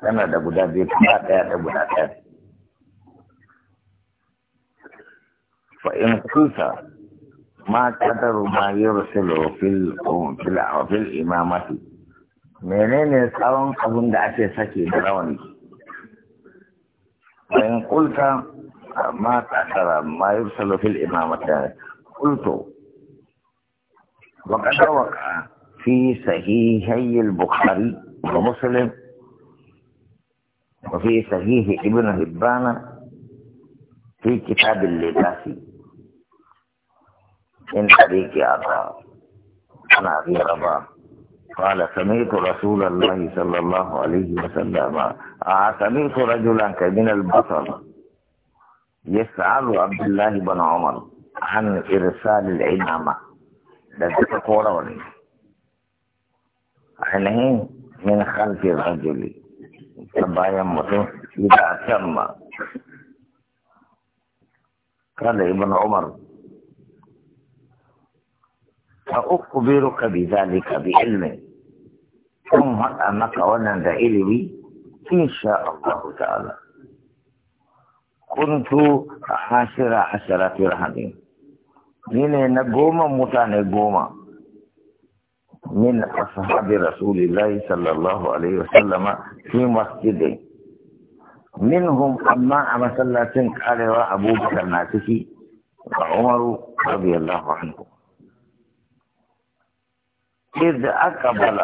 tana da guda biyu tana ɗaya da guda ɗaya fa in kusa ma kadaru ma yursilu fil fil fil imamati menene tsawon abin da ake sake da rawani fa in kulta ma kadara ma yursilu fil imamati qultu وقد وقع في صحيحي bukhari ومسلم وفي صحيح ابن هبان في كتاب اللباس من طريق عطاء عن ابي رباح قال سمعت رسول الله صلى الله عليه وسلم آه، سمعت رجلا من البصر يسأل عبد الله بن عمر عن إرسال العمامة لذلك قولوني حينئذ من خلف الرجل ta bayan mutum gida can ma kada ibn umar ta uku biro ka bi zalika bi ilmi kun haɗa maka wannan da ilimi insha Allah ta'ala kuntu hashira asharati rahadin ni ne na goma mutane goma من أصحاب رسول الله صلى الله عليه وسلم في مسجد منهم أما مسلاة قال أبو بكر ناتشي وعمر رضي الله عنه إذ أقبل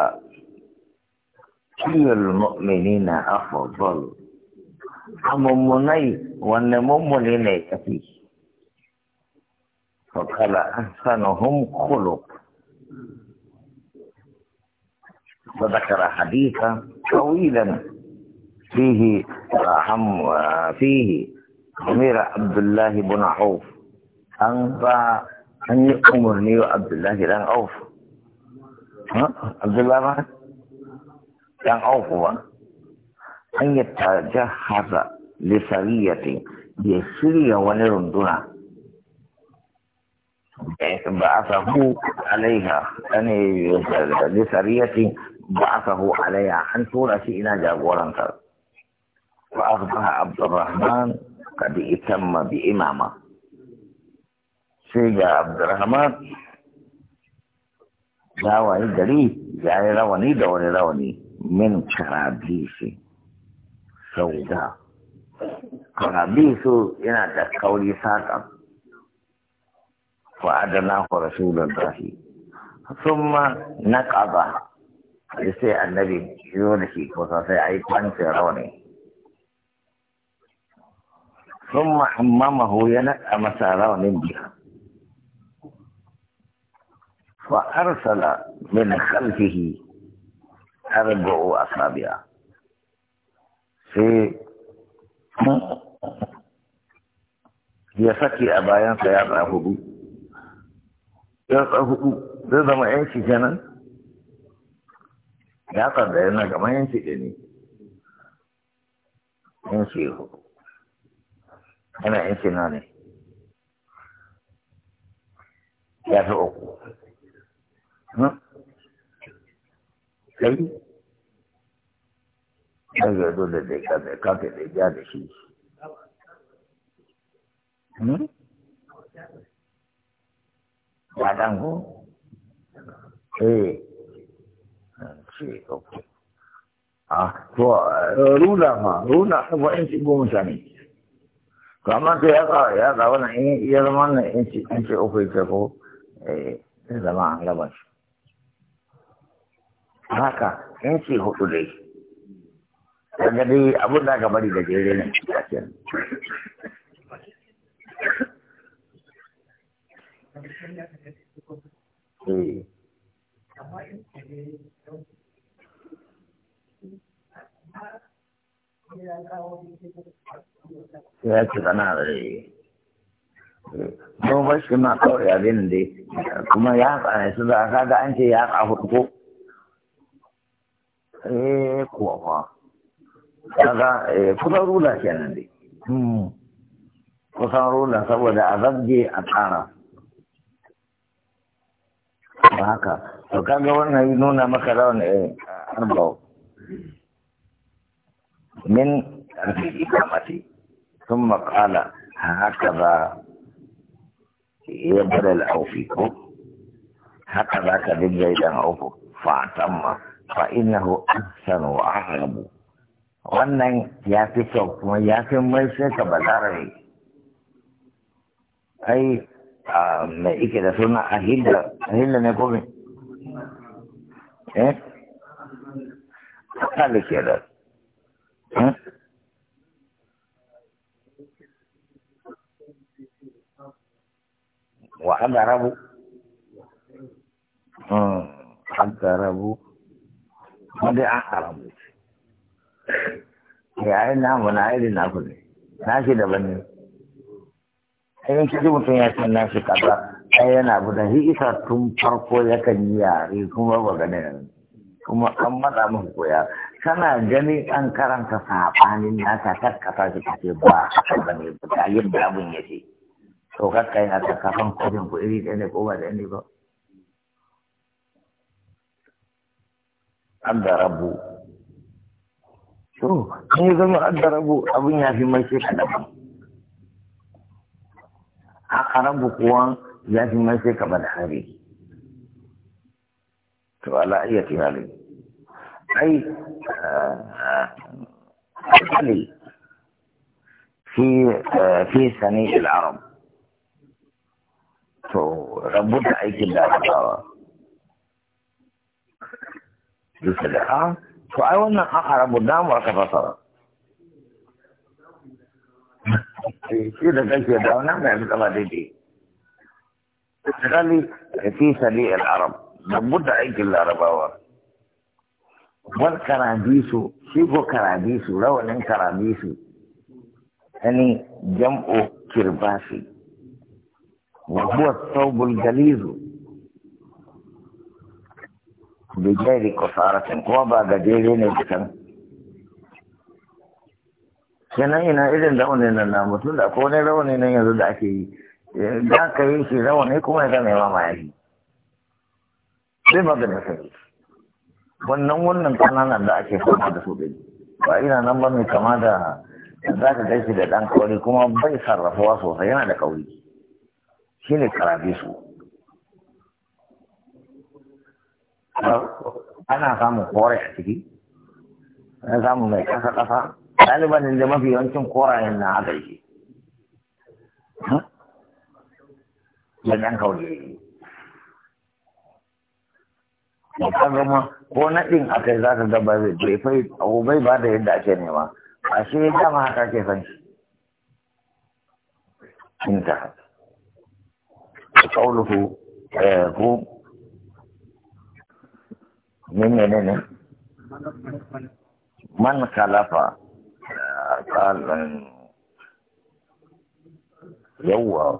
كل المؤمنين أفضل أممني ونممني نيتي فقال أحسنهم خلق وذكر حديثا طويلا فيه رحم فيه أمير عبد الله بن عوف أن أن يأمرني عبد الله بن عوف عبد الله بن عوف أن يتجهز لسرية يسري ونرندنا بعثه عليها أن لسرية بعثه عليها عن سورة إلى جابوران فأخذها عبد الرحمن قد اتم بإمامة سيجا عبد الرحمن دريد جاواني دري جاي رواني دوري رواني من كرابيس سوداء كرابيس إنا تكولي ساتا فأدناه رسول الله ثم نقضها جسے النبی یوں نے کی وہ سے ائی پن سے رو نے ثم حممه ينا اما سارا من بها فارسل من خلفه اربع اصابع في هي فكي ابايا فيا ابو يا ابو ده ما ايش جنن ya kada yana kamar yanci da ne yanci yana yanci na ne ya fi uku hmm? kai ya ga dole da ya kada kafe da ya da shi hmm? ya dango eh Aa ok a ah, to eh, rula ma rula ba in ci goma mutane ya ka ya ka wannan ya zama nan in ci in ci eh zama an gaba shi haka in ci hudu dai daga dai abin da aka bari ya ce zana da eh, don ba shi ma kawai abin da kuma ya tsane su da ga an ce ya tsahu ko eh kuwa fa kaga eh, kusan rula kenan dai hmm. kusan rula saboda a zabge a tsara ba haka to kaga wannan yi nuna maka rawan eh, arba'u min ƙarfi ikamati ثم قال هكذا يبدل الأوفيكم هكذا كذب جيدا أوفو فاعتم فإنه أحسن وأعرب wannan ya fi kyau kuma ya fi mai sai ka balara ne ai mai ike da suna ahilla ahilla ne ko eh haka da ke da wa adarabu hmm, adarabu wanda an haramu yayin namu na irin naku ne nashi daban ne ayin kaji mutum ya san nashi kaza ai yana budan shi isa tun farko yakan yi yare kuma ba gane an matsa muku koya kana gani an karanta sabanin nasa kakkata ba haka yadda to kakka yana ta kafan kofin ku iri ɗaya ne ko ba da ne ba an da rabu to an yi zama an da rabu abin ya fi mai shekara daban a rabu kuwa ya fi mai shekara da hari to ala iya tunani ai أقل في في سني العرب rabu da aikin da aka kawa duka da a to ai wannan an arabu damar ka fasara shi da kake da wannan mai yanzu kama daidai misali fi sali al-arab rabu da aikin larabawa wal karabisu shi ko karabisu rawanin karabisu yani jam'u kirbasi وهو الثوب الجليل بغير قصارة قوبا قديرين كتن kenan إذن دوني لنا مثل na mutum da يزد أكي raunin nan دوني da يزن إمام da ka yi wannan wannan kananan da ake fama da su ɗin ba ina nan ba mai kama da za ka gaishe da ɗan kauri kuma bai sarrafuwa sosai yana da kauri shi ne karabisu ana samun kore a ciki ana samun mai kasa kasa ɗaliban da mafi yawancin korayen na haka yake da ɗan kauri yake da zama ko naɗin a kai za ta dabar da jefai ba da yadda ake nema a shi dama haka ke san shi in ta قوله هو من من من خلف قال يوا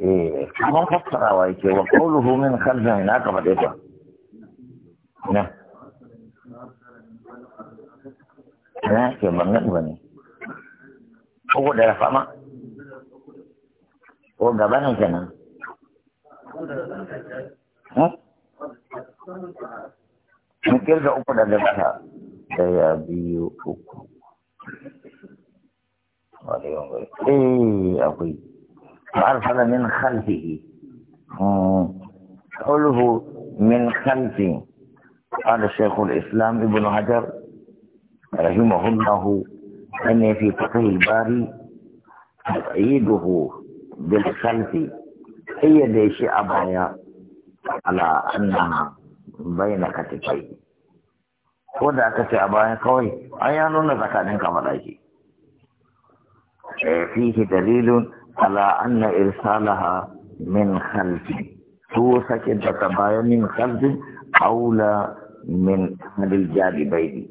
إيه كما فسر وايك وقوله من خلف هناك بديتا نعم هناك من نقبني هو ده فما ko gaba ne kenan mun kirga uku daga ƙasa daya biyu uku wale yawan eh akwai ma'arfala min khalfihi قوله من خلف قال شيخ الإسلام ابن حجر رحمه الله أن في فقه الباري تقعيده bil khalfi kayyade shi a baya Al'aanna bai na katifai ko da aka ce a baya kawai an ya nuna tsakanin kamar ake eh, fihi dalilun Al'aanna irsalaha min khalfi su sake daga baya min kalfi aula min hadil janibai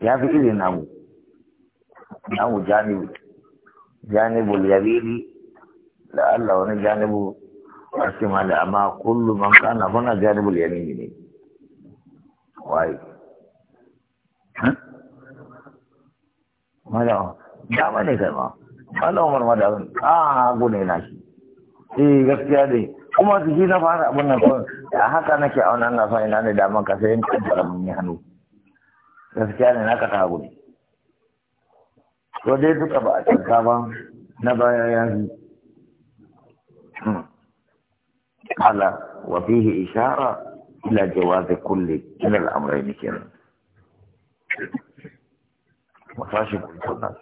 ya fi irin namu namu janibi janibul yabini da Allah wani janibu a cima da amma kullum man kana huna janibul yamini ne wai mala dama kai ma mala umar ma da a hagu ne na eh, gaskiya dai kuma su shi na fara abin nan kawai a haka nake auna na fa ina ne daman ka sai in kaddara mun yi hannu gaskiya ne na ka ta hagu to dai duka ba a canka ba na baya ya yi hmm. ala wa fihi ishara ila jawazi kulli kila al'amrai ne kenan mutashi kuma